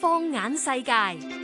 放眼世界。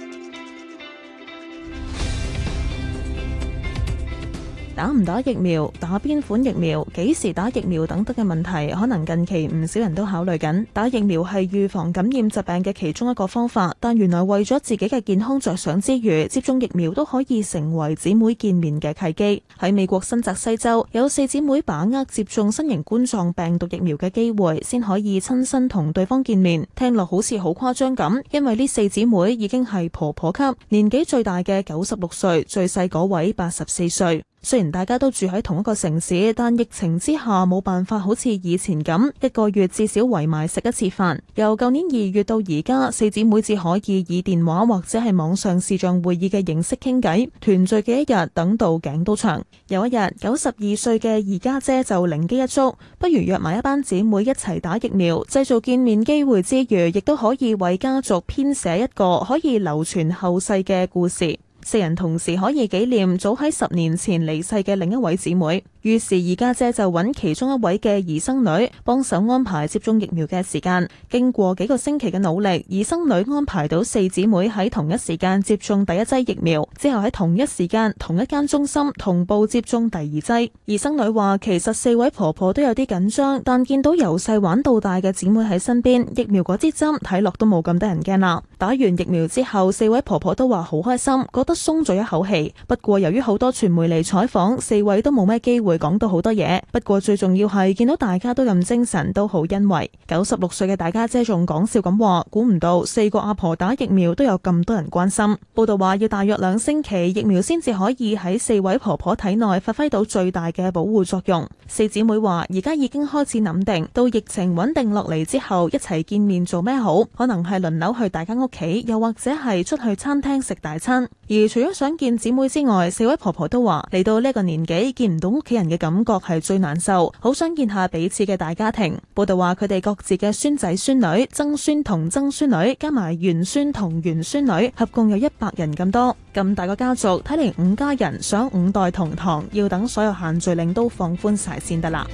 打唔打疫苗？打邊款疫苗？幾時打疫苗？等等嘅問題，可能近期唔少人都考慮緊。打疫苗係預防感染疾病嘅其中一個方法，但原來為咗自己嘅健康着想之餘，接種疫苗都可以成為姊妹見面嘅契機。喺美國新澤西州，有四姊妹把握接種新型冠狀病毒疫苗嘅機會，先可以親身同對方見面。聽落好似好誇張咁，因為呢四姊妹已經係婆婆級，年紀最大嘅九十六歲，最細嗰位八十四歲。雖然大家都住喺同一個城市，但疫情之下冇辦法好似以前咁一個月至少圍埋食一次飯。由舊年二月到而家，四姐妹只可以以電話或者係網上視像會議嘅形式傾偈，團聚嘅一日等到頸都長。有一日，九十二歲嘅二家姐就靈機一觸，不如約埋一班姊妹一齊打疫苗，製造見面機會之餘，亦都可以為家族編寫一個可以流傳後世嘅故事。四人同時可以紀念早喺十年前離世嘅另一位姊妹。於是二家姐就揾其中一位嘅姨甥女幫手安排接種疫苗嘅時間。經過幾個星期嘅努力，姨甥女安排到四姊妹喺同一時間接種第一劑疫苗，之後喺同一時間、同一間中心同步接種第二劑。姨甥女話：其實四位婆婆都有啲緊張，但見到由細玩到大嘅姊妹喺身邊，疫苗嗰支針睇落都冇咁得人驚啦。打完疫苗之後，四位婆婆都話好開心，覺得鬆咗一口氣。不過由於好多傳媒嚟採訪，四位都冇咩機會。講到好多嘢，不過最重要係見到大家都咁精神，都好欣慰。九十六歲嘅大家姐仲講笑咁話，估唔到四個阿婆打疫苗都有咁多人關心。報道話要大約兩星期疫苗先至可以喺四位婆婆體內發揮到最大嘅保護作用。四姊妹話而家已經開始諗定，到疫情穩定落嚟之後一齊見面做咩好？可能係輪流去大家屋企，又或者係出去餐廳食大餐。而除咗想見姊妹之外，四位婆婆都話嚟到呢個年紀見唔到屋企人嘅感覺係最難受，好想見下彼此嘅大家庭。報道話佢哋各自嘅孫仔孫女、曾孫同曾孫女，加埋玄孫同玄孫女，合共有一百人咁多。咁大個家族，睇嚟五家人想五代同堂，要等所有限聚令都放寬晒先得啦。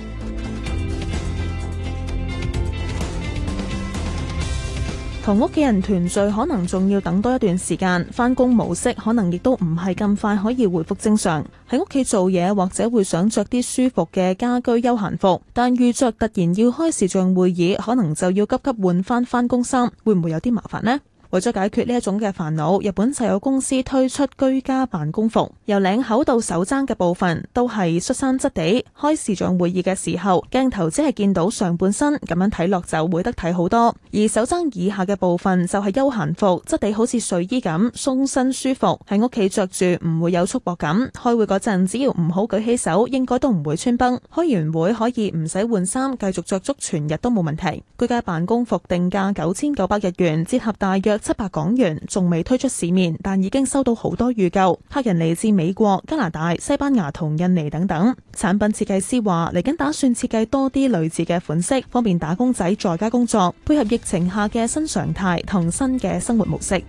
同屋企人團聚可能仲要等多一段時間，返工模式可能亦都唔係咁快可以回復正常。喺屋企做嘢或者會想着啲舒服嘅家居休閒服，但遇着，突然要開視像會議，可能就要急急換翻返工衫，會唔會有啲麻煩呢？為咗解決呢一種嘅煩惱，日本就有公司推出居家辦公服，由領口到手踭嘅部分都係恤衫質地。開視像會議嘅時候，鏡頭只係見到上半身，咁樣睇落就會得睇好多。而手踭以下嘅部分就係休閒服，質地好似睡衣咁鬆身舒服，喺屋企着住唔會有束縛感。開會嗰陣只要唔好舉起手，應該都唔會穿崩。開完會可以唔使換衫，繼續着足全日都冇問題。居家辦公服定價九千九百日元，折合大約。七百港元，仲未推出市面，但已經收到好多預購。客人嚟自美國、加拿大、西班牙同印尼等等。產品設計師話，嚟緊打算設計多啲類似嘅款式，方便打工仔在家工作，配合疫情下嘅新常態同新嘅生活模式。